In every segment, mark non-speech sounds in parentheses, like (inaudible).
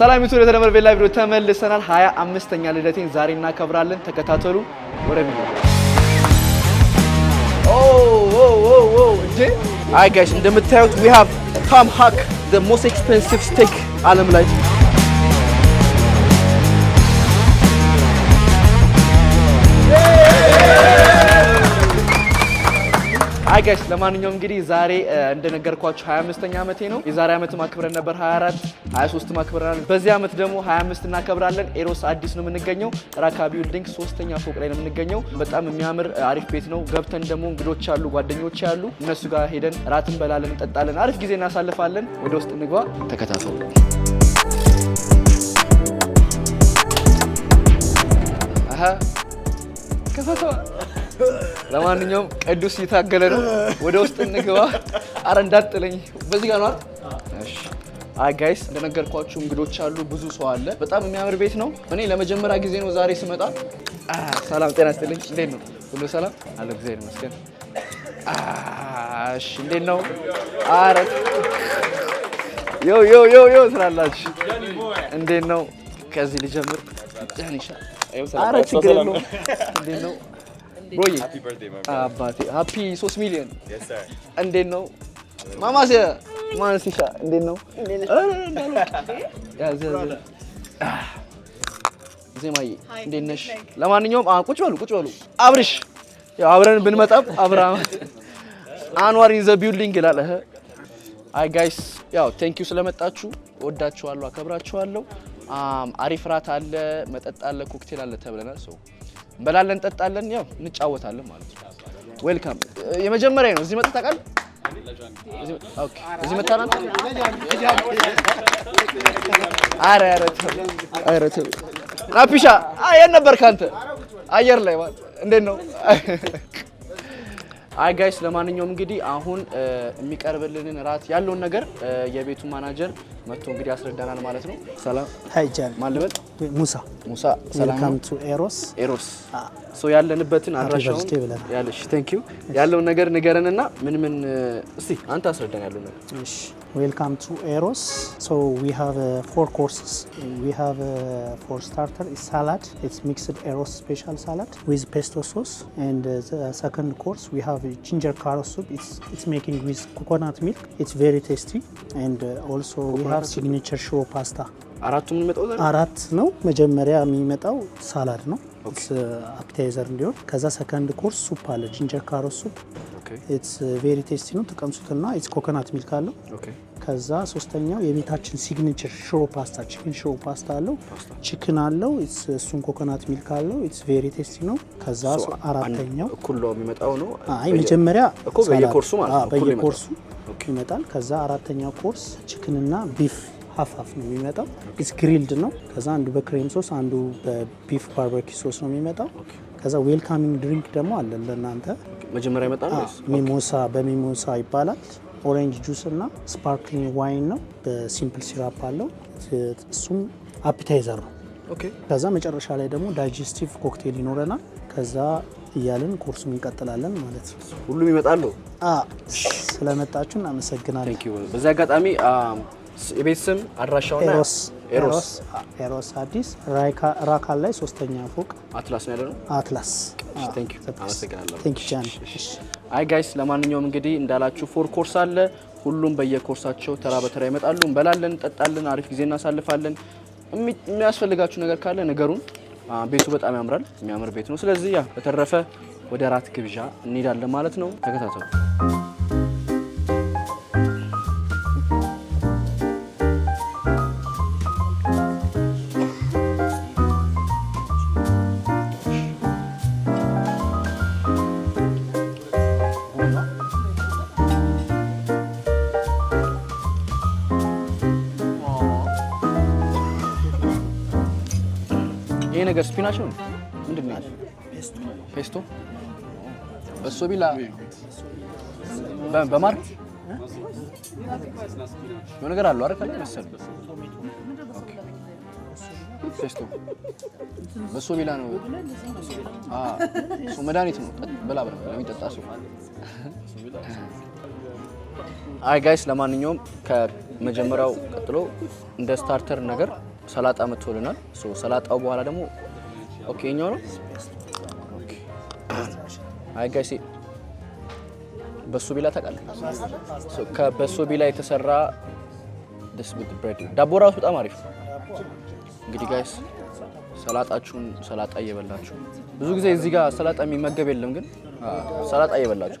ሰላም ይቱን ለተደመር ቤላ ቪዲዮ ተመልሰናል። ሀያ አምስተኛ ልደቴን ዛሬ እናከብራለን። ተከታተሉ። ወደ ቪዲዮ አይ ጋይስ እንደምታዩት ዊ ሃቭ ካም ሃክ ዘ ሞስት ኤክስፔንሲቭ ስቴክ አለም ላይ አይ ጋይስ ለማንኛውም እንግዲህ ዛሬ እንደነገርኳችሁ 25ኛ ዓመቴ ነው። የዛሬ ዓመት ማክብረን ነበር 24 23 ማክብረናል። በዚህ ዓመት ደግሞ 25 እናከብራለን። ኤሮስ አዲስ ነው የምንገኘው፣ ራካ ቢልዲንግ ሶስተኛ ፎቅ ላይ ነው የምንገኘው። በጣም የሚያምር አሪፍ ቤት ነው። ገብተን ደግሞ እንግዶች አሉ፣ ጓደኞች ያሉ፣ እነሱ ጋር ሄደን ራት እንበላለን፣ እንጠጣለን፣ አሪፍ ጊዜ እናሳልፋለን። ወደ ውስጥ እንግባ፣ ተከታተሉ። ከፈተዋ ለማንኛውም ቅዱስ እየታገለ ነው። ወደ ውስጥ እንግባ። አረ እንዳጥለኝ በዚህ ጋር ነው አይደል? አይ ጋይስ እንደነገርኳችሁ እንግዶች አሉ፣ ብዙ ሰው አለ። በጣም የሚያምር ቤት ነው። እኔ ለመጀመሪያ ጊዜ ነው ዛሬ ስመጣ። ሰላም ጤና ይስጥልኝ። እንዴት ነው? ሁሉ ሰላም አለ። እግዚአብሔር ይመስገን። እሺ። እንዴት ነው? አረ ዮ ዮ ስላላችሁ እንዴት ነው? ከዚህ ልጀምር። ጃኒሻ አረ ችግር የለውም። እንዴት ነው አባቴ ሀፒ ሶስት ሚሊዮን እንዴት ነው ማማስ ማንሲሻ እንዴት ነው? ዜማዬ እንዴት ነሽ? ለማንኛውም ቁጭ በሉ ቁጭ በሉ። አብርሽ ያው አብረን ብንመጣም አብርሃም (laughs) አንዋር ኢን ዘ ቢልዲንግ ይላል። አይ ጋይስ ያው ቴንክ ዩ ስለመጣችሁ ወዳችኋለሁ፣ አከብራችኋለሁ። አሪፍ ራት አለ፣ መጠጥ አለ፣ ኮክቴል አለ ተብለናል። በላለን እንጠጣለን፣ ያው እንጫወታለን ማለት ነው። ዌልካም የመጀመሪያ ነው። እዚህ መጥተህ ታውቃለህ? እዚህ መጥተህ ነው። ኧረ ኧረ ኧረ ናፒሻ የት ነበርክ አንተ? አየር ላይ ማለት እንዴት ነው? አይ ጋይስ ለማንኛውም እንግዲህ አሁን የሚቀርብልንን ራት ያለውን ነገር የቤቱ ማናጀር መጥቶ እንግዲህ ያስረዳናል ማለት ነው። ሰላም ሀይጃል ማልበል ሙሳ ሙሳ ሰላም ቱ ኤሮስ ኤሮስ ሶ ያለንበትን አድራሻውን ያለሽ ቴንክ ዩ ያለውን ነገር ንገረንና ምን ምን እስቲ አንተ አስረዳን ያለው ነገር እሺ Welcome to Eros. So we have uh, four courses. We have uh, for starter is salad. It's mixed Eros special salad with pesto sauce. And uh, the second course we have ginger carrot soup. It's it's making with coconut milk. It's very tasty. And uh, also coconut we have signature show pasta. አራቱ የሚመጣው አራት ነው። መጀመሪያ የሚመጣው ሳላድ ነው አፕታይዘር እንዲሆን፣ ከዛ ሰከንድ ኮርስ ሱፕ አለ ጂንጀር ካሮት ሱፕ ኢትስ ቬሪ ቴስቲ ነው ተቀምሱትና፣ ኢትስ ኮኮናት ሚልክ አለው። ከዛ ሶስተኛው የቤታችን ሲግኒቸር ሽሮ ፓስታ ቺክን ሽሮ ፓስታ አለው፣ ቺክን አለው፣ ኢትስ እሱን ኮኮናት ሚልክ አለው። ኢትስ ቬሪ ቴስቲ ነው። ከዛ አራተኛው ኩሎ የሚመጣው ነው። አይ መጀመሪያ እኮ በየኮርሱ ማለት ነው፣ በየኮርሱ ይመጣል። ከዛ አራተኛው ኮርስ ቺክንና ቢፍ ሀፍ ሀፍ ነው የሚመጣው። ኢስ ግሪልድ ነው። ከዛ አንዱ በክሬም ሶስ፣ አንዱ በቢፍ ባርበኪ ሶስ ነው የሚመጣው። ከዛ ዌልካሚንግ ድሪንክ ደግሞ አለን ለእናንተ መጀመሪያ ይመጣል። ሚሞሳ በሚሞሳ ይባላል። ኦሬንጅ ጁስ እና ስፓርክሊንግ ዋይን ነው። በሲምፕል ሲራፕ አለው። እሱም አፒታይዘር ነው። ከዛ መጨረሻ ላይ ደግሞ ዳይጀስቲቭ ኮክቴል ይኖረናል። ከዛ እያልን ኮርሱን እንቀጥላለን ማለት ነው። ሁሉም ይመጣሉ። ስለመጣችሁ እናመሰግናለን። በዚህ አጋጣሚ um, የቤት ስም አድራሻውና ኤሮስ ኤሮስ አዲስ ራካ ላይ ሶስተኛ ፎቅ አትላስ ነው ያለነው። አትላስ አመሰግናለሁ። አይ ጋይስ፣ ለማንኛውም እንግዲህ እንዳላችሁ ፎር ኮርስ አለ። ሁሉም በየኮርሳቸው ተራ በተራ ይመጣሉ። እንበላለን፣ እንጠጣለን፣ አሪፍ ጊዜ እናሳልፋለን። የሚያስፈልጋችሁ ነገር ካለ ነገሩን። ቤቱ በጣም ያምራል፣ የሚያምር ቤት ነው። ስለዚህ ያ በተረፈ ወደ ራት ግብዣ እንሄዳለን ማለት ነው። ተከታተሉ። ነገር ስፒናች ነው ምንድን ነው? ፔስቶ እሱ ቢላ በማር የሆነ ነገር አለው አይደል? መሰለ ፔስቶ እሱ ቢላ ነው። እሱ መድኃኒት ነው ብላ ብላ የሚጠጣ ሰው። አይ ጋይስ፣ ለማንኛውም ከመጀመሪያው ቀጥሎ እንደ ስታርተር ነገር ሰላጣ መጥቶልናል። ሰላጣው በኋላ ደግሞ ኦኬ እኛው ነው። አይ ጋይስ በሶ ቢላ ታውቃለህ? ከበሶ ቢላ የተሰራ ደስ ብት ብሬድ ዳቦ ራሱ በጣም አሪፍ ነው። እንግዲህ ጋይስ ሰላጣችሁን ሰላጣ እየበላችሁ ብዙ ጊዜ እዚህ ጋር ሰላጣ የሚመገብ የለም፣ ግን ሰላጣ እየበላችሁ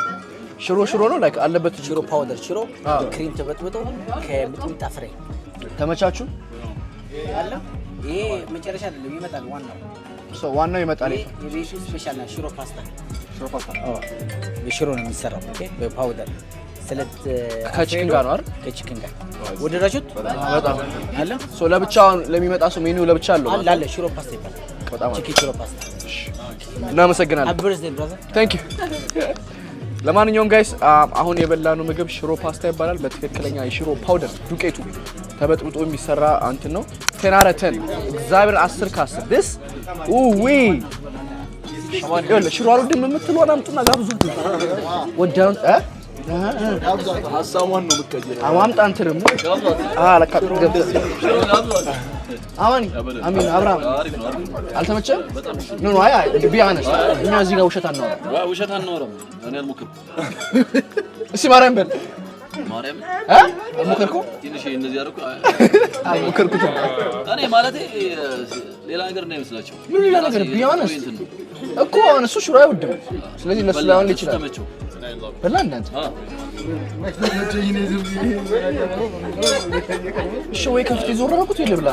ሽሮ ሽሮ ነው ላይክ አለበት ሽሮ ፓውደር፣ ሽሮ ክሬም ተበጥብጦ ከሚጥሚጣ ፍሬ ተመቻቹ። ይሄ መጨረሻ አይደለም ይመጣል፣ ዋናው ሶ ዋናው ይመጣል። የቤቱ ስፔሻል ነው ሽሮ ፓስታ። ሽሮ ፓስታ አዎ፣ በሽሮ ነው የሚሰራው። ኦኬ፣ በፓውደር ስለት ከቺክን ጋር ነው አይደል? ከቺክን ጋር ወደዳችሁት? በጣም አለ። ሶ ለብቻ ለሚመጣ ሰው ሜኑ ለብቻ አለው አለ አለ። ሽሮ ፓስታ ይባላል። በጣም ቺክን ሽሮ ፓስታ። እናመሰግናለን። አብርዝ ብራዘር፣ ታንክ ዩ ለማንኛውም ጋይስ አሁን የበላነው ምግብ ሽሮ ፓስታ ይባላል። በትክክለኛ የሽሮ ፓውደር ዱቄቱ ተበጥብጦ የሚሰራ አንትን ነው። ቴናረተን እግዚአብሔር አስር ከአስር ስ ሽሮ አልወድም የምትለዋን አምጡና ጋብዙ። ወዳን ሀሳቧን ነው የምትቀይረው። አማምጣ እንትን አማኒ አሚን አብርሃም አልተመቸም? ኖ ኖ አይ አነስ እኛ እዚህ ጋር ውሸት አናወራም፣ ውሸት አናወራም። እኔ አልሞክርም። እሺ ማርያም በል ማርያም እ ትንሽ እንደዚህ አደረኩ። አልሞከርኩ እኔ ማለቴ ሌላ ነገር ነው የሚመስላቸው። ምን ሌላ ነገር ቢያነስ እኮ እሱ ሽሮ አይወድም። ስለዚህ ለሱ ላይሆን ይችላል። በላ እናንተ እሺ፣ ወይ ከፍት ዞር ነው ቁት ይልብላ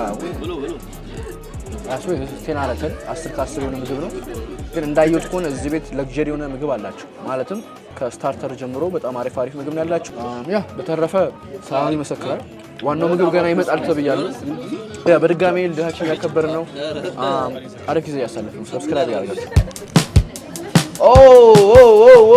አስሮ ስቴን አረተን አስር ከአስር የሆነ ምግብ ነው። ግን እንዳየሁት ከሆነ እዚህ ቤት ለግጀሪ የሆነ ምግብ አላቸው። ማለትም ከስታርተር ጀምሮ በጣም አሪፍ አሪፍ ምግብ ነው ያላቸው። ያ በተረፈ ሳህን ይመሰክራል። ዋናው ምግብ ገና ይመጣል ተብያለሁ። በድጋሚ ልደታችን እያከበርን ነው። አሪፍ ጊዜ እያሳለፍን ነው። ሰብስክራይብ ያደርጋችሁ። ኦ ኦ ኦ ኦ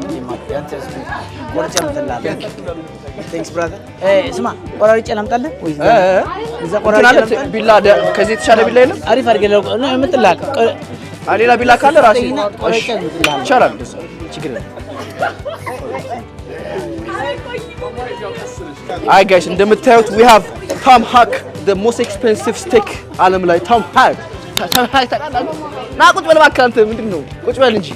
ስማ ቆራርጬ ላምጣልህ ወይ እዛ ቆራርጬ ቢላ ከዚህ የተሻለ ቢላ የለም? አሪፍ አድርገህ ነው የምጥልህ። ሌላ ቢላ ካለ ራስህ ይቻላል። አይ ጋይስ እንደምታዩት ዊ ሃቭ ታም ሃክ ዘ ሞስት ኤክስፔንሲቭ ስቴክ ዓለም ላይ ታም ሃክ ታም ሃክ ታውቃለህ? ና ቁጭ በል እባክህ አንተ ምንድን ነው? ቁጭ በል እንጂ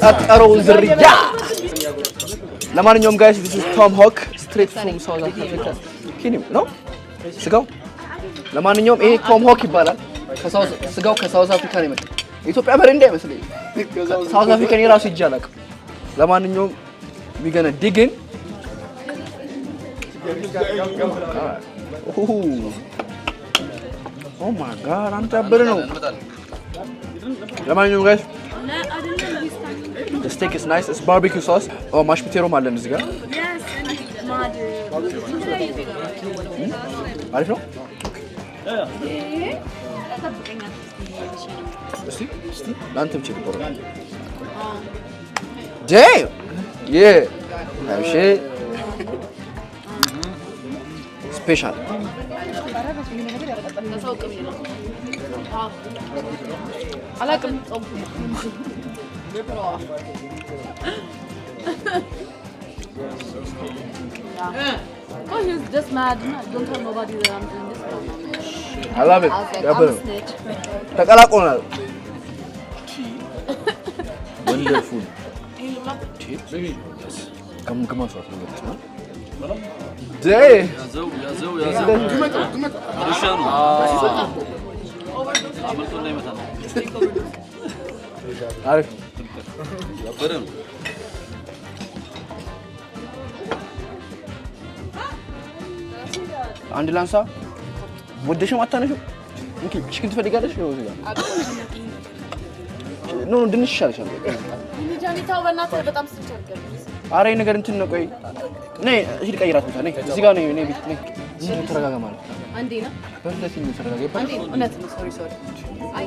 የቀጠረውን ዝርያ ለማንኛውም ጋይስ ዲስ ቶም ሆክ ስትሬት ፍሮም ሳውዝ አፍሪካ ኪኒም ነው ስጋው። ለማንኛውም ይሄ ቶም ሆክ ይባላል። ስጋው ከሳውዝ አፍሪካ ነው የመጣው። ኢትዮጵያ በሬ እንደ ሳውዝ አፍሪካ የራሱ ይጃል አቅም። ለማንኛውም ዊገነ ዲግን ኦ ማይ ጋድ አንተ ብር ነው። ለማንኛውም ጋይስ The steak is nice. It's barbecue sauce. Oh, mashed potato አለን እዚህ ጋር አሪፍ ነው። እስቲ እስቲ ለአንተም ቼክ ቆሮ ጄ ዬ አይሽ ስፔሻል አላቅም yeah. Oh, he's just mad. Don't tell nobody that I'm doing this. Program. I love it. I was like, I'm a snitch. ተቀላቅሎናል። ወንደርፉል አሪፍ Yaparım. አንድ ላንሳ። ወደሽም አታነሽም። እንኪ ቺክን ትፈልጋለሽ ነው እዚህ ጋር ኖ ድንሽ ይሻልሻል። ኧረ ነገር እንትን ነው። ቆይ ነይ ሂድ ቀይራት ቦታ ነይ እዚህ ጋር ነይ ነይ ቤት ነይ ተረጋጋ ማለት አንዴ ነው። በለሲኝ ተረጋጋ ይባላል። እውነት ነው። ሶሪ ሶሪ አይ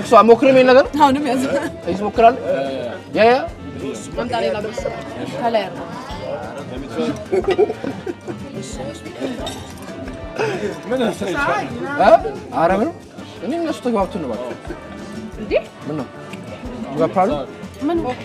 እሱ አሞክርም ይሄን ነገር አሁንም ያዝ ሞክራል። ያ ያ ኧረ ምን እኔ እነሱ ተግባብቶ ነው ባለው እንዴ ምን ነው ይጋብራሉ። ምን ኦኬ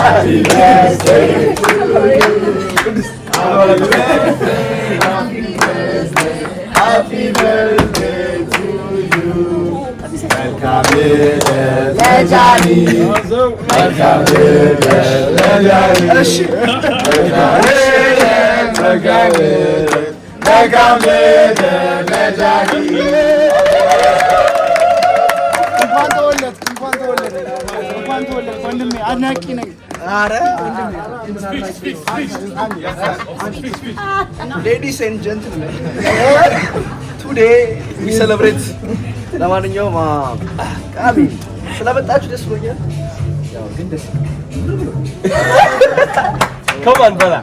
Happy birthday to you. Happy birthday, happy birthday, happy birthday to you. Melkabiler, Lecani, Melkabiler, Lecani, Melkabiler, Melkabiler, Melkabiler, Lecani. Kumpanto ollet, kumpanto ollet, kumpanto ollet, pandemi, anaki nagi. ሌዲስ ኤንድ ጀንትልመን ቱዴ ዊ ሰለብሬት። ለማንኛውም ቃሚ ስለመጣችሁ ደስ ብሎኛል። በላ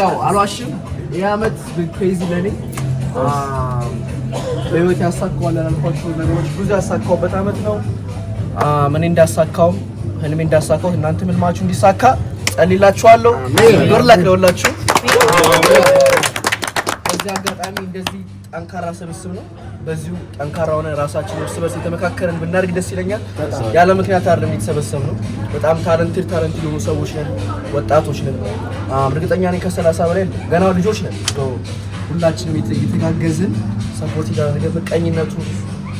ያው አልዋሽም። ይህ ዓመት ክሬዚ ለኔ በህይወት ያሳካዋለን አልኳቸው ነገሮች ብዙ ያሳካውበት አመት ነው። እኔ እንዳሳካው ህልሜ እንዳሳካው እናንተ ህልማችሁ እንዲሳካ ጸልላችኋለሁ። ዶር ላክ በዚህ አጋጣሚ እንደዚህ ጠንካራ ስብስብ ነው። በዚሁ ጠንካራ ሆነ ራሳችን እርስ በርስ የተመካከርን ብናደርግ ደስ ይለኛል። ያለ ምክንያት አይደለም የተሰበሰብ ነው። በጣም ታለንትድ ታለንትድ የሆኑ ሰዎች ነን፣ ወጣቶች ነን። እርግጠኛ ነኝ ከሰላሳ በላይ ገና ልጆች ነን። ሁላችንም የተጋገዝን ሰፖርት እያደረገ ምቀኝነቱ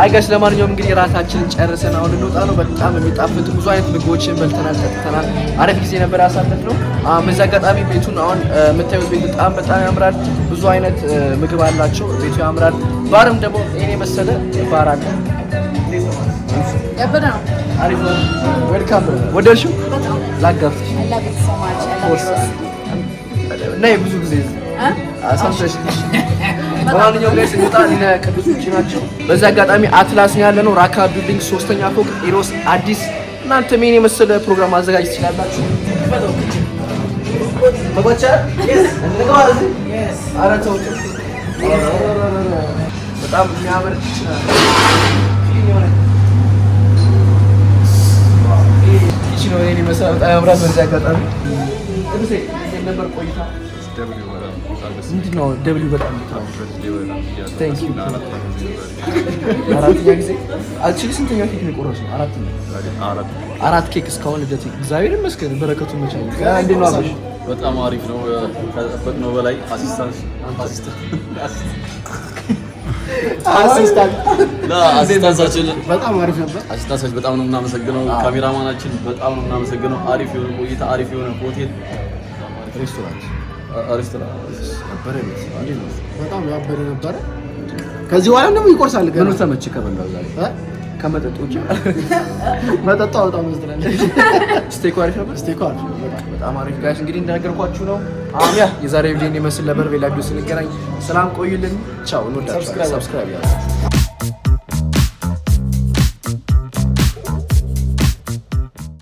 አይ ጋሽ ለማንኛውም እንግዲህ ራሳችንን ጨርሰን አሁን እንወጣ ነው። በጣም የሚጣፍጥ ብዙ አይነት ምግቦችን በልተናል፣ ጠጥተናል። አሪፍ ጊዜ ነበር ያሳለፍ ነው። በዚህ አጋጣሚ ቤቱን አሁን የምታዩት ቤት በጣም በጣም ያምራል። ብዙ አይነት ምግብ አላቸው። ቤቱ ያምራል። ባርም ደግሞ እኔ መሰለ ባር አለ። ወደድሽው? ላጋብዝሽ ነይ ብዙ ጊዜ ሰምተሽ በማንኛውም ላይ ስንወጣ እነ ቅዱስ ናቸው። በዚህ አጋጣሚ አትላስ ነው ያለነው፣ ራካ ቢልዲንግ ሶስተኛ ፎቅ ኤሮስ አዲስ። እናንተ ምን የመሰለ ፕሮግራም አዘጋጅ ትችላላችሁ። በጣም የሚያምር ይችላል ነው። በዚህ አጋጣሚ ነበር ቆይታ ምንድን ነው ደብሊው በጣም አራተኛ ጊዜ ስንተኛ ኬክ ነው የቆረስነው? አራት ኬክ እስካሁን ልደት እግዚአብሔር ይመስገን በረከቱ እንዴት ነው አብሽ? በጣም አሪፍ ነው። ከጠበቅነው በላይ በጣም አሲስታንሳችን በጣም ነው የምናመሰግነው። ካሜራማናችን በጣም ነው የምናመሰግነው። አሪፍ የሆነ ቆይታ፣ አሪፍ የሆነ ሆቴል፣ ሬስቶራንት አሪፍ ነው በጣም ያበደ ነበረ። ከዚህ በኋላ ደግሞ ይቆርሳል። ምኑ ተመችህ ከበላሁ በጣም ስቴኩ አሪፍ ነበር። ስቴኩ አሪፍ በጣም አሪፍ ጋሽ። እንግዲህ እንደነገርኳችሁ ነው የዛሬ ቪዲዮ ይመስል ነበር። ሌላ ቪዲዮ ስንገናኝ ሰላም ቆዩልን። ቻው። ሰብስክራይብ